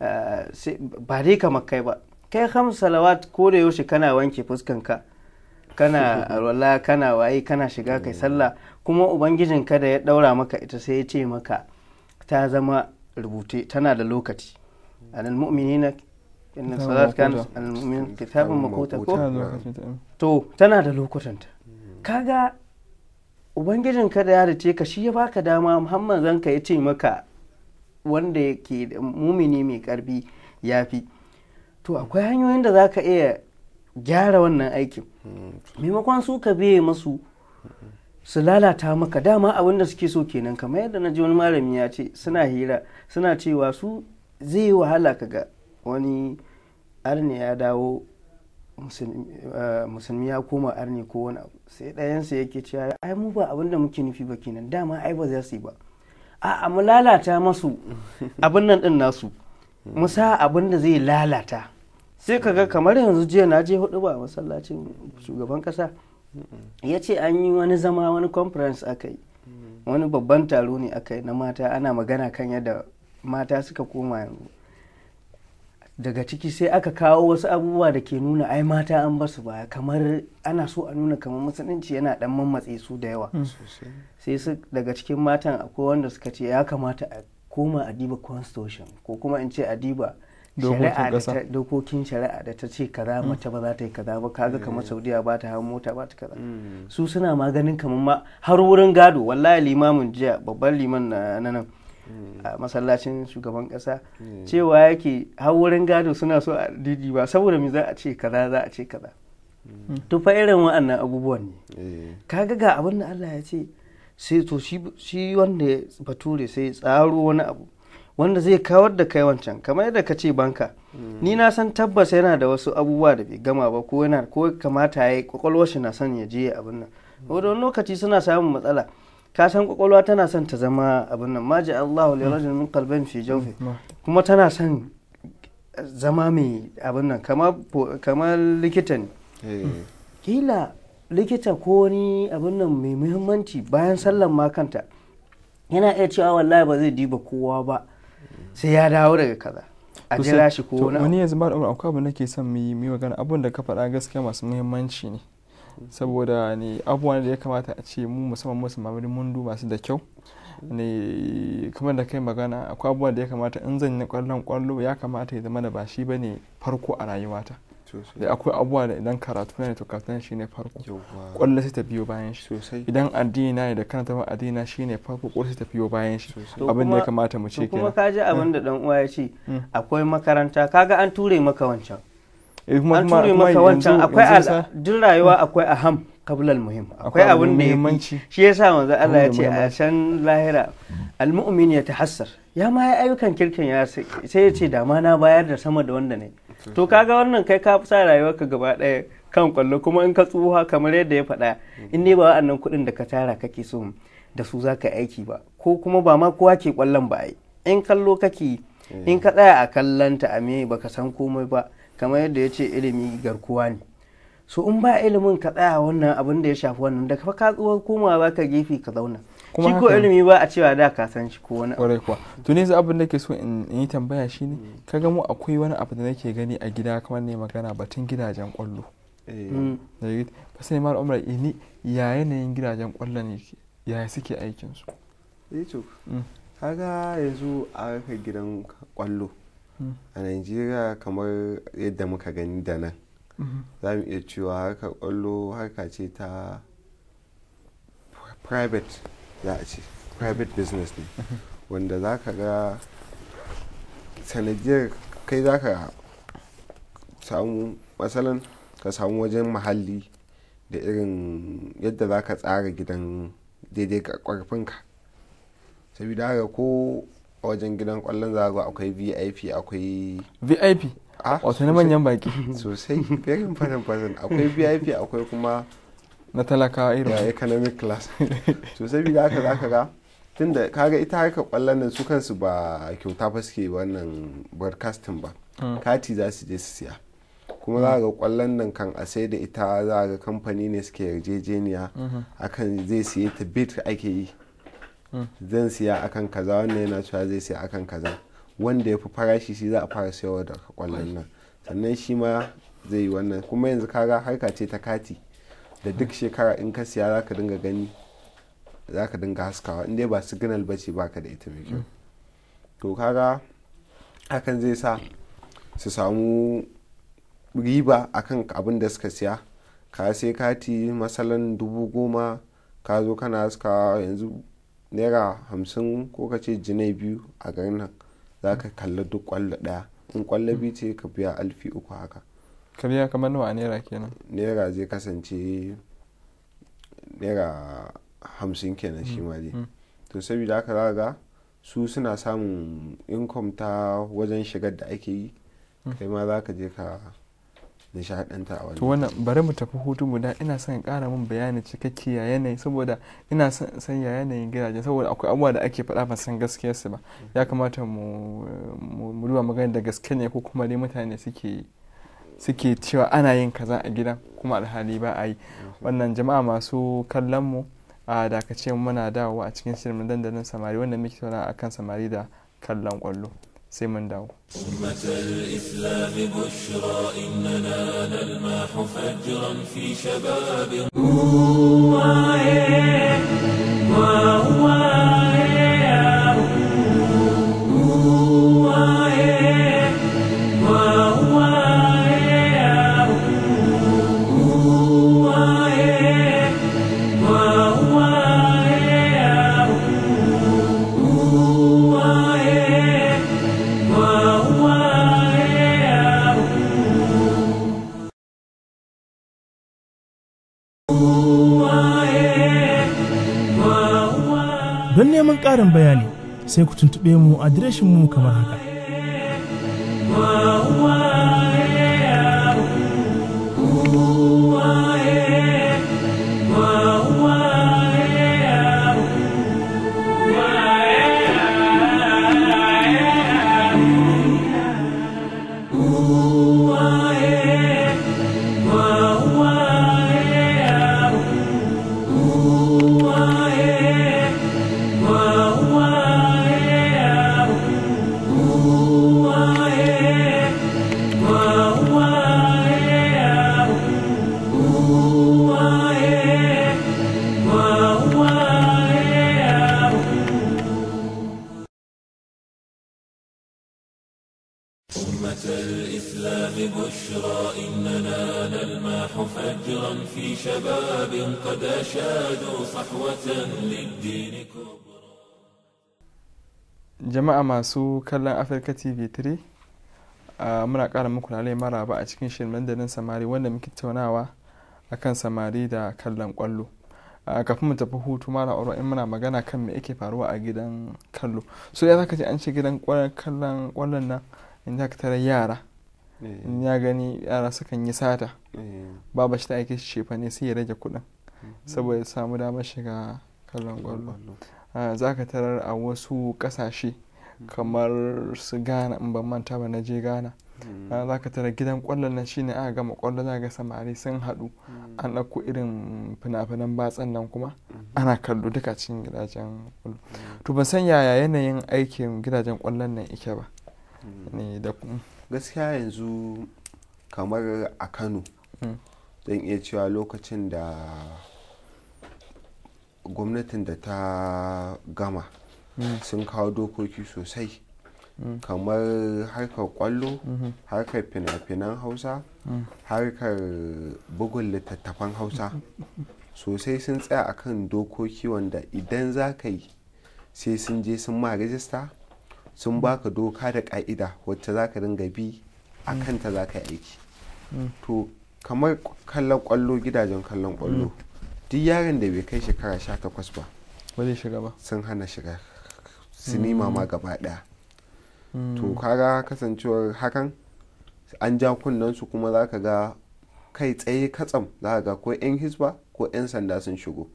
eh, ba dai kamar kai ba kai ham salawat ko da yaushe kana wanke fuskanka kana alwala kana waye kana shiga kai sallah kuma ubangijinka da ya daura maka ita sai ya ce maka ta zama rubuce tana da lokaci alal mu'minina inna salat kan alal mu'min kitabun makuta ko eh. to tana da lokutanta hmm. kaga ubangijinka da ya dace ka shi ya baka dama muhammad zanka ya ce maka wanda ke mumini mai karfi ya fi to akwai hanyoyin da za ka iya gyara wannan aikin maimakon su ka biye masu su lalata maka dama abinda da suke so kenan kamar yadda na ji wani malami ya ce suna hira suna cewa su zai yi wahala kaga wani arni ya dawo musulmi eh, ya koma arni ko wani abu sai ɗayansa yake cewa ai mu ba abin da muke nufi ba kenan dama ai ba za su yi ba a mu lalata masu abin nan ɗin nasu mu sa abin da zai lalata sai ka ga kamar yanzu jiya na je hudu ba masallacin shugaban kasa ya ce an yi wani zama wani conference aka yi wani babban taro ne aka yi na mata ana magana kan yadda mata suka koma yanzu daga ciki sai aka kawo wasu abubuwa da ke nuna ai mata an basu baya kamar ana so a nuna kamar musulunci yana dan mammatse su da yawa sai su daga cikin matan akwai wanda suka ce ya kamata a koma adiba constitution ko kuma in ce a diba shari'a da dokokin shari'a da ta ce kaza mm. mace ba za ta yi kaza ba kaga mm. kamar saudiya ba ta hawa mota ba ta kaza mm. su suna maganin kamar ma har wurin gado wallahi limamin jiya babban liman na nan a masallacin shugaban kasa cewa yake har wurin gado suna so a didi ba saboda me za a ce kaza za a ce kaza to irin wa'annan abubuwan ne eh. kaga ga abin da Allah ya ce sai to shi wanda bature sai tsaro wani abu wanda zai kawar da kai wancan kamar yadda ka ce banka ni mm. na san tabbas yana da wasu abubuwa da bai gama ba ko yana ko kamata ya yi kwakwalwar shi na son ya je abin nan wanda mm. wani lokaci suna samun matsala ka san kwakwalwa tana son ta zama abin nan ma ji Allahu li mm. rajulin min qalbin fi jawfi kuma tana son zama mai abin nan kamar likita ne eh. kila likita ko wani abin nan mai muhimmanci bayan sallan ma yana iya cewa wallahi ba zai diba kowa ba sai ya dawo daga kaza a jira shi ko na wani yanzu ba da akwai abu nake son mu yi magana abun da ka faɗa gaskiya masu muhimmanci ne saboda ne abubuwan da ya kamata a ce mu musamman musu mamari mun duba su da kyau ne kamar da kai magana akwai abubuwan da ya kamata in zan yi kwallon kwallo ya kamata ya zama da ba shi ba ne farko a rayuwata da akwai abubuwa da idan karatu ne to karatu shi ne farko kwallo sai ta biyo bayan shi sosai idan addini ne da kana ta addini shi ne farko kwallo sai ta biyo bayan shi abin da ya kamata mu ce kuma ka ji hmm. abin da dan uwa ya ce hmm. akwai makaranta kaga an ture maka wancan eh, an ture maka wancan akwai duk rayuwa akwai aham kablal muhim akwai abin da ya shi yasa manzo Allah ya ce a can lahira almu'min ya ya ma ya ayyukan kirkin ya sai ya ce da ma na bayar da sama da wanda ne to kaga wannan kai ka fi sa ka gaba ɗaya kan kwallo kuma in ka tsuha kamar yadda ya faɗa in dai ba wa'annan kuɗin da ka tara kake so da su za ka aiki ba ko kuma ba ma kowa ke kwallon ba ai in kallo kake in ka tsaya a ta a me ka san komai ba kamar yadda ya ce ilimi garkuwa ne so in ba ilimin ka tsaya wannan abin da ya shafi wannan da ka tsuwa komawa ka gefe ka zauna shi ko ilimi ba a cewa da ka san shi ko wani abu kuwa to ne abin da ke so in yi tambaya shine kaga mu akwai wani abu da nake gani a gida kamar ne magana batun gidajen kwallo ba eh. sai mal umar ini eh, ya yanayin gidajen kwallo ne ya suke aikin su eh to mm. kaga yanzu a haka gidan kwallo mm. a Najeriya kamar yadda muka gani da nan mm-hmm. za mu iya cewa harka kwallo harka ce ta private za a ce private business ne wanda za ka ga sanadiyar kai za ka samu matsalan ka samu wajen mahalli da irin yadda za ka tsara gidan daidai ga karfinka saboda haka ko a wajen gidan kwallon ga akwai vip akwai vip ah, wato na manyan baki sosai very important person akwai vip akwai kuma na talakawa irin economic class to sai biga za zaka ga tunda kaga ita haka kwallon nan su kansu ba kyauta ba suke wannan broadcasting ba hmm. kati za su je su siya kuma za ga kwallon nan kan a sai da ita za ga kamfani ne suke yarjejeniya hmm. akan zai siye ta bit ake yi hmm. zan siya akan kaza wannan yana cewa zai siya akan kaza wanda ya fi farashi shi za a fara sayawa da kwallon nan sannan shi ma zai yi wannan kuma yanzu kaga harka ce ta kati da duk shekara in ka siya zaka dinga gani zaka dinga haskawa in dai ba signal bace baka da ita mai kyau to kaga hakan zai sa su samu riba akan abin da suka siya ka sai kati masalan dubu goma ka zo kana haskawa yanzu naira hamsin ko ka ce jinai biyu a garin nan za ka kalli duk kwallo daya in kwallo biyu ce ka biya alfi uku haka ka biya kamar nawa a naira kenan naira zai kasance naira hamsin kenan shi mm, ma dai mm. to saboda haka za ga su suna samun income ta wajen shigar da ake yi mm. kai ma za ka je ka nishaɗanta a to wannan bari mu tafi hutu guda ina son ƙara min bayani cikakke ya yanayi saboda ina son san ya yanayin gidaje saboda akwai abubuwa da ake faɗa ba san gaskiyarsu ba ya kamata mu duba magana da gaske ne ko kuma dai mutane suke yi suke cewa ana yin kaza a gidan kuma alhali ba a yi wannan jama'a masu kallon mu a dakace muna dawowa a cikin shirin dandalin samari wanda muke tauna kan samari da kallon kwallo sai mun dawo fi sai ku tuntuɓe mu adireshin mu kamar haka masu kallon afirka tv 3 uh, muna kara muku lalai maraba a cikin shirin dandalin samari wanda muke taunawa a kan samari da kallon kwallo uh, kafin mu tafi hutu mara oro in muna magana kan me yake faruwa a gidan kallo so ya zaka ce an ce gidan kallon kwallon nan in za ka tara yara eh. in ya gani yara sukan yi sata eh. baba shi ta aike shi shefa ne sai ya rage kuɗin mhm. saboda samu damar shiga kallon kwallo za ka tarar a wasu ƙasashe kamar su ghana in ban manta ba na je ghana ah, za ka tara gidan kwallon nan shine aka gama kwallon za ga samari sun hadu. an ɗauko irin fina-finan batsan nan kuma ana kallo duka cikin gidajen kwallo to ban san yaya yanayin aikin gidajen kwallon nan ike ba ne da gaskiya yanzu kamar a kano zan iya cewa lokacin da gwamnatin da ta gama Mm. sun kawo dokoki sosai mm. kamar harkar kwallo mm-hmm. harkar fina-finan hausa mm. harkar bugun littattafan hausa sosai sun tsaya akan dokoki wanda idan za ka yi sai sun je sun ma rajista sun baka doka da ka'ida wacce za ka ringa bi a kanta za ka yi aiki to kamar kallon kwallo gidajen kallon kwallo duk yaron da bai kai shekara 18 ba sun hana shigar sinima ma gaba daya to kaga kasancewar hakan an ja kunnen su kuma za ka ga kai tsaye katsam za ka ga ko 'yan hisba ko 'yan sanda sun shigo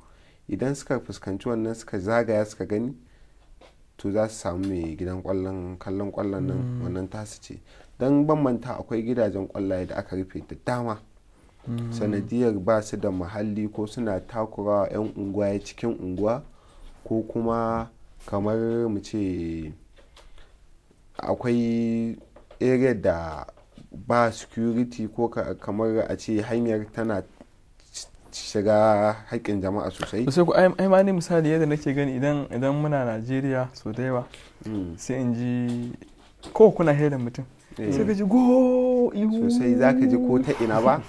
idan suka fuskanci wannan suka zagaya suka gani to za su samu mai gidan kwallon kallon kwallon nan mm. wannan tasu ce don bambanta akwai gidajen kwallaye da aka rufe da dama mm. sanadiyar ba su da muhalli ko suna takurawa 'yan unguwa cikin unguwa ko kuma kamar mu ce akwai area da ba security ko kamar a ce hanyar tana shiga haƙƙin jama'a sosai sai ku ai misali yadda nake gani idan idan muna najeriya so da yawa mm. sai in ji ko kuna hailan mutum sai eh. ka ji go ihu sosai za ka ji ko ta ina ba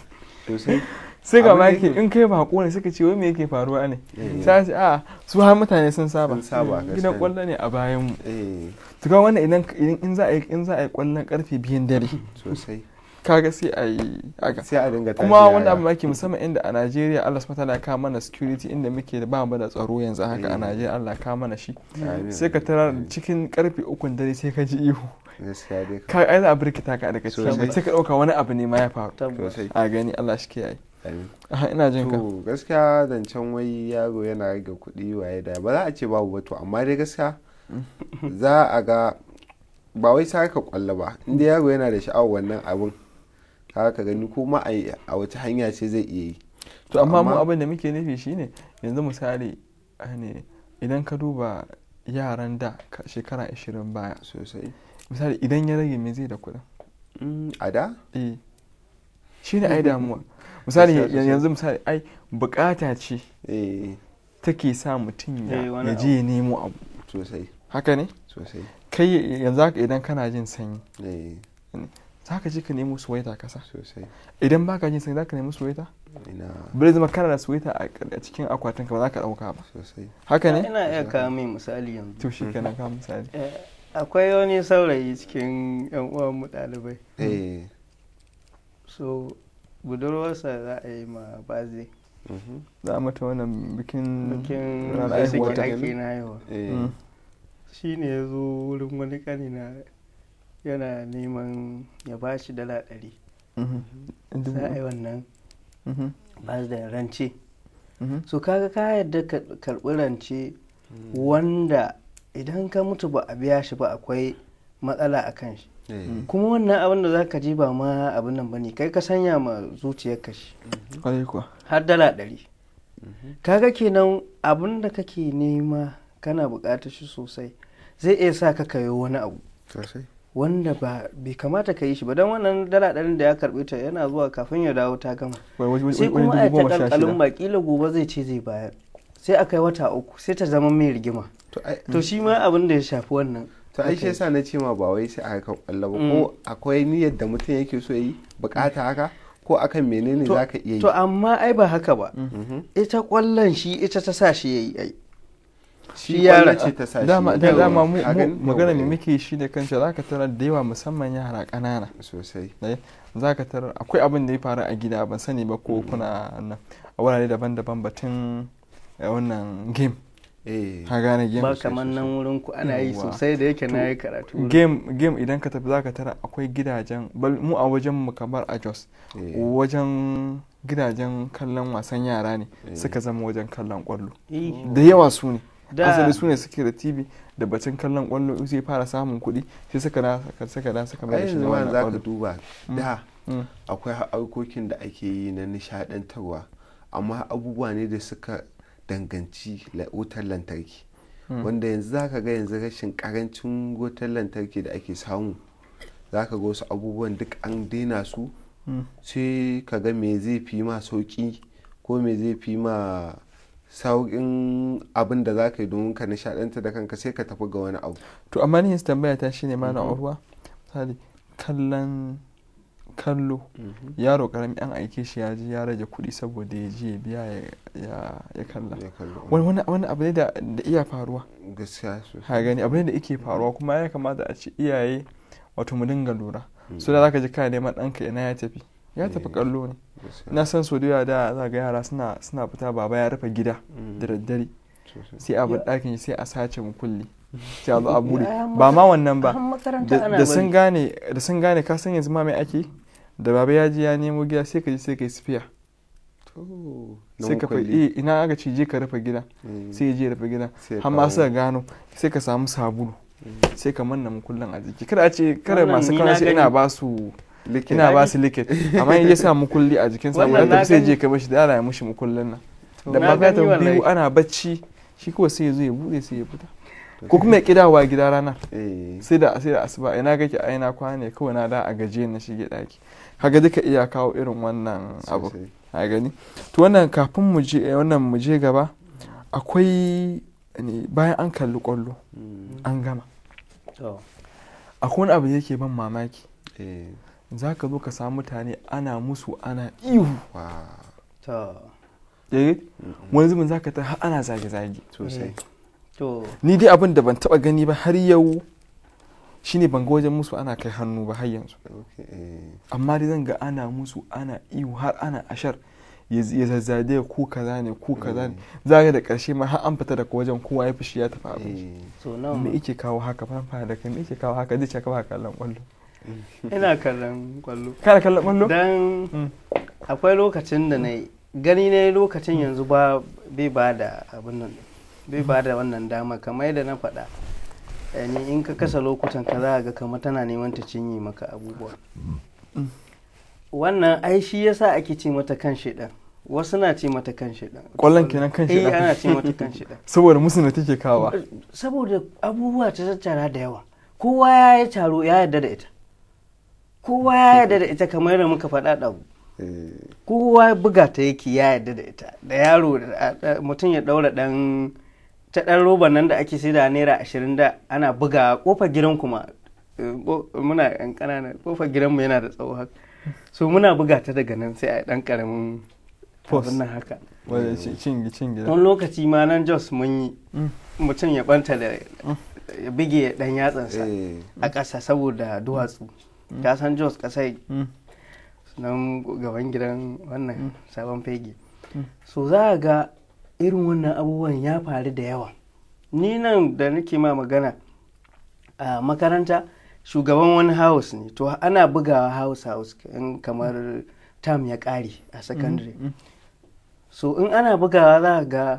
sosai sai ga maki in kai bako ne suka ce wai me yake faruwa ne eh. sai ce a ah, su har mutane sun saba eh, gidan kwallo ne a bayan mu eh. to wani wannan idan in za a yi in za a yi kwallon karfe biyan dare sosai kaga sai a yi haka sai a dinga kuma wani abu maki musamman inda a Najeriya Allah subhanahu wataala ka mana security inda muke da ba mu da tsaro yanzu haka a Najeriya Allah ka mana shi sai ka tara cikin karfe ukun dare sai ka ji ihu ka ai za a birkita ka daga cikin sai ka dauka wani abu ne ma ya faru a gani Allah shi ke yi ina jin ka to gaskiya zancen wai yaro yana rage kuɗi waye da ba za a ce babu ba to amma dai gaskiya za a ga ba wai sai ka kwallo ba inda yaro yana da sha'awar wannan abun ka ka gani ko ma a wata hanya ce zai iya yi to amma mu abin da muke nufi shine yanzu misali ne idan ka duba yaran da shekara 20 baya sosai misali idan ya rage me zai da kuɗin mm, a da eh shine ai damuwa misali yanzu misali ai bukata ce eh. take sa mutum ya eh, je ya nemo abu sosai haka ne sosai kai yanzu haka idan kana jin sanyi eh. za ka je ka nemo suwaita kasa sosai idan baka jin sanyi za ka nemo suwaita bai zama kana da suwaita a cikin akwatin ka ba za ka dauka ba haka ne ina iya kawo mai misali yanzu to shi kana kawo misali akwai wani saurayi cikin yan uwan mu dalibai so budurwarsa za a yi ma baze mm-hmm. za a mata wannan bikin bikin ake na yawa eh. mm. shi ne ya zo wurin wani kanina yana neman ya ba shi dala ɗari mm-hmm. za a yi wannan mm-hmm. ba da rance so kaga ka yadda karɓi rance mm. wanda idan ka mutu ba a biya shi ba akwai matsala a kan shi eh. mm. kuma wannan abin da za ka ji ba ma abin nan bane kai ka sanya ma zuciyar ka shi mm-hmm. har dala ɗari mm-hmm. kaga kenan abin da kake nema kana buƙatar shi sosai zai iya sa ka kayo wani abu wanda ba bai kamata ka yi shi ba don wannan dala ɗarin da ya karbi ta yana zuwa kafin ya dawo ta gama sai kuma a ta ƙalƙalin gobe zai ce zai bayar sai a kai wata uku sai ta zama mai rigima to shi ma abin da ya shafi wannan to ai shi yasa na ce ma ba wai sai a kan kwallo ba mm. ko akwai niyyar da mutum yake so yi bukata haka ko akan menene za ka iya yi to amma ai ba haka ba mm-hmm. ita kwallon shi ita ta sa shi yayi ai shi yara ce ta sa shi dama dama mu magana ne eh. muke shi da za zaka tarar da yawa musamman yara kanana sosai eh, zaka tarar akwai abin da ya faru a gida ban sani ba ko mm. kuna a wurare daban-daban batun eh, wannan game Eh, ka gane game ba kamar nan wurin ku ana yi sosai da yake na yi karatu game game idan ka tafi zaka tara akwai gidajen mu a wajen mu kamar a jos eh. wajen gidajen kallon wasan yara ne eh. suka zama wajen kallon kwallo da yawa su ne asali su ne suke da tv da batun kallon kwallo sai fara samun kuɗi sai suka da suka da suka mai shi mm. da za kwallo duba da akwai harkokin da ake yi na nishadantarwa amma abubuwa ne da suka danganci wutar lantarki hmm. wanda yanzu za ka ga yanzu rashin karancin wutar lantarki da ake samu za ka ga wasu abubuwan duk an daina su hmm. sai ka ga me zai fi ma sauki ko me zai fi ma sauƙin abin da za ka yi domin ka nishaɗanta da kanka sai ka tafi ga wani abu to amma ni tambaya ta shine ma na mhm. kallon kallo mhm. yaro karami an aike shi ya ji ya rage kuɗi saboda ya ji ya biya ya kalla wani abu ne da iya faruwa ha gani abu ne da ike faruwa kuma ya kamata a ci iyaye wato mu dinga lura mhm. so da zaka ji kana neman ɗanka ina ya tafi ya eh, tafi kallo ne na san so da da za ga yara suna fita baba ya rufe gida mhm. da daddare sai a bar ɗakin sai a sace mu kulli sai zo a bude ba ma wannan ba da sun gane ka san yanzu ma mai ake da baba ya ji ya nemo gida sai ka ji sai ka yi sifiya sai ka fa eh, ina aka ce mm. je ka rufe gida sai ya je rufe gida har ma suka gano sai ka samu sabulu mm. sai ka manna mu kullun a jiki kada a ce kada masu kawai sai ina ba su ina ba su likit amma in ya sa mu kulli a jikin sa mun tafi sai je ka bashi da ala ya mushi mu kullun nan da ba ta biyu ana bacci shi kuwa sai ya zo ya bude sai ya fita ko kuma ya wa gida rana. Eh. sai da sai da asuba ina ga ki aina kwana kawai na da a gaje na shige daki kaga duka iya kawo irin wannan abu a gani to wannan kafin mu je eh, wannan mu je gaba akwai bayan an kalli kwallo mm. an gama akwai wani abu yake ban mamaki eh. za ka zo ka samu mutane ana musu ana ihu Wanzu zubin za ka ta ana zage-zage sosai mm. ni dai abin da ban taba gani ba har yau shine ban ga wajen musu ana kai hannu ba har yanzu amma dai zan ga ana musu ana ihu har ana ashar ya zazzade ku kaza ne ku kaza ne mm. zaga da karshe ma har an fita daga wajen kowa ya fishi ya tafi abinci eh. me ike kawo haka fara da kai me ike kawo haka zai ce ka ba kallon kwallo ina kallon kwallo kana kallon kwallo dan mm. akwai lokacin da na gani ne lokacin yanzu ba bai ba da abin nan bai ba da wannan dama kamar yadda na faɗa yani in ka kasa lokutan ka za ga kamar tana neman ta cinye maka abubuwa wannan ai shi yasa ake ce mata kan shaidan wasu na ce mata kan shaidan kwallon kenan kan shaidan eh ana ce mata kan shaidan saboda musu da take kawa saboda abubuwa ta tattara da yawa kowa ya yi taro ya yarda da ita kowa ya yarda da ita kamar da muka faɗa ku eh. kowa buga ta yake ya yarda da ita da yaro mutum ya ɗaura ɗan ta ɗan roban nan da ake saida naira ashirin da ana buga ƙofar gidan kuma eh, muna yan ƙanana kofar gidanmu yana da tsawo haka so muna buga ta daga nan sai a ɗan ƙaramin abin na haka wani lokaci ma nan jos mun yi mm. mutum ya ɓanta da mm. ya bige ɗan yatsansa eh. a ƙasa saboda duwatsu ta mm. san jos ƙasai nan gaban gidan wannan sabon fege so za a ga irin wannan abubuwan ya faru da yawa ni nan da nake ma magana a makaranta shugaban wani house ne to ana bugawa house house kamar tam ya ƙare a secondary mm-hmm, mm-hmm. so in ana bugawa za ga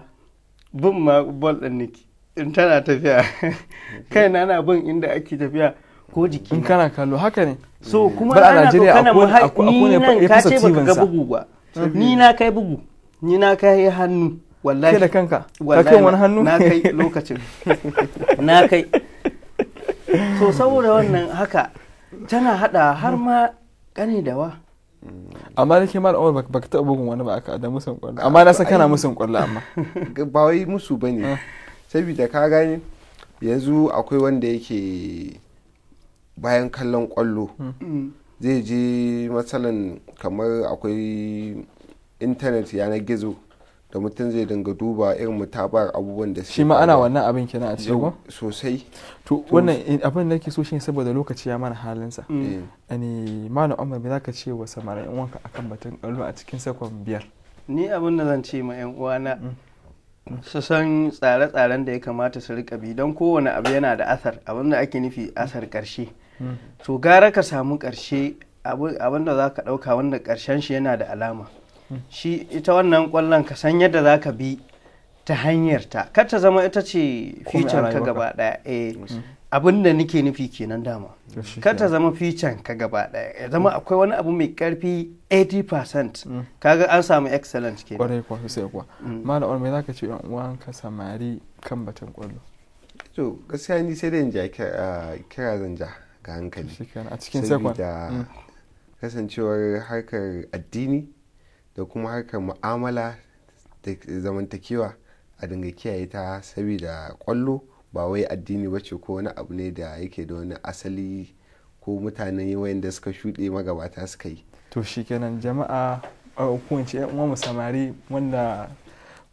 bin ma bol din nake in tana tafiya kai na ana bin inda ake tafiya ko jiki in kana kallo haka ne so eh, kuma ana ko kana mu ni nan ka ce baka ga bugu ba ni na kai bugu ni na kai hannu wallahi da kanka ka kai wani hannu na kai lokacin na kai so saboda wannan haka tana hada har ma kane dawa amma da ke mal'amar ba ka taɓa bugun wani ba aka da musun kwallo amma na san kana musun kwallo amma ba wai musu ba ne ah. saboda ka gane yanzu akwai wanda yake bayan kallon kwallo hmm. mm. zai je matsalan kamar akwai intanet yanar gizo da mutum zai dinga duba irin mutabar abubuwan da shi ma'ana ana wannan abin kina a cikin sosai to wannan eh, abin da ke so shi saboda lokaci ya mana halinsa mm. eh, ani malam umar za ka ce wa samara yan uwanka akan batun kallo a cikin sakon biyar ni abin da zan ce ma yan uwana mm. su san tsare-tsaren da ya kamata su rika bi don kowane abu yana da asar abin da ake nufi asar karshe mm. to gara ka samu karshe abin da za ka ɗauka wanda karshen shi yana da alama shi ita wannan kwallon ka san yadda za ka bi ta hanyar ta kar ta zama ita ce ficen ka gaba daya eh abin da nake nufi kenan dama kar ta zama ficen ka gaba daya ya zama mm. akwai wani abu mai karfi 80% kaga an samu excellent kenan kwarai kwa sai kwa mm. malam me zaka ce yan uwan ka samari kan batun kwallo to gaskiya ni sai da in ja kira zan ja ga hankali a cikin sekwa mm. kasancewar harkar addini da kuma harkar mu'amala da zamantakewa a dinga kiyaye ta saboda kwallo ba wai addini ba ce ko wani abu ne da yake da wani asali ko mutane wayanda suka shuɗe magabata suka yi to shikenan jama'a ko in ce uwa samari wanda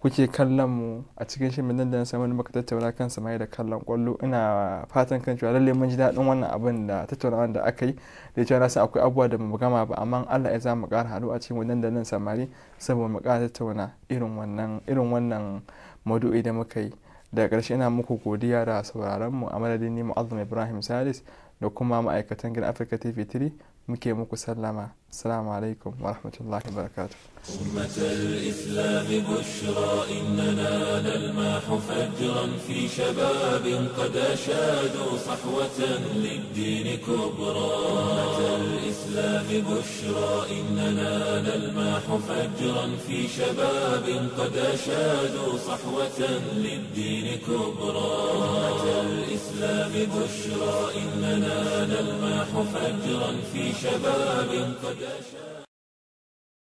kuke kallon mu a cikin shi nan da na samu muka tattauna kan samari da kallon kwallo ina fatan kan cewa lalle mun ji daɗin wannan abin da tattaunawa da aka yi da cewa na san akwai abubuwa da mu gama ba amma Allah ya za mu ƙara haɗu a cikin wannan da samari saboda mu ƙara tattauna irin wannan irin wannan maudu'i da muka yi daga ƙarshe ina muku godiya da sauraron mu a madadin ni mu Ibrahim Salis da kuma ma'aikatan Gina Africa TV3 muke muku sallama السلام عليكم ورحمة الله وبركاته أمة الإسلام بشرى إننا نلمح فجرا في شباب قد أشادوا صحوة للدين كبرى أمة الإسلام بشرى إننا نلمح فجرا في شباب قد أشادوا صحوة للدين كبرى الإسلام بشرى إننا نلمح فجرا في شباب قد يشاء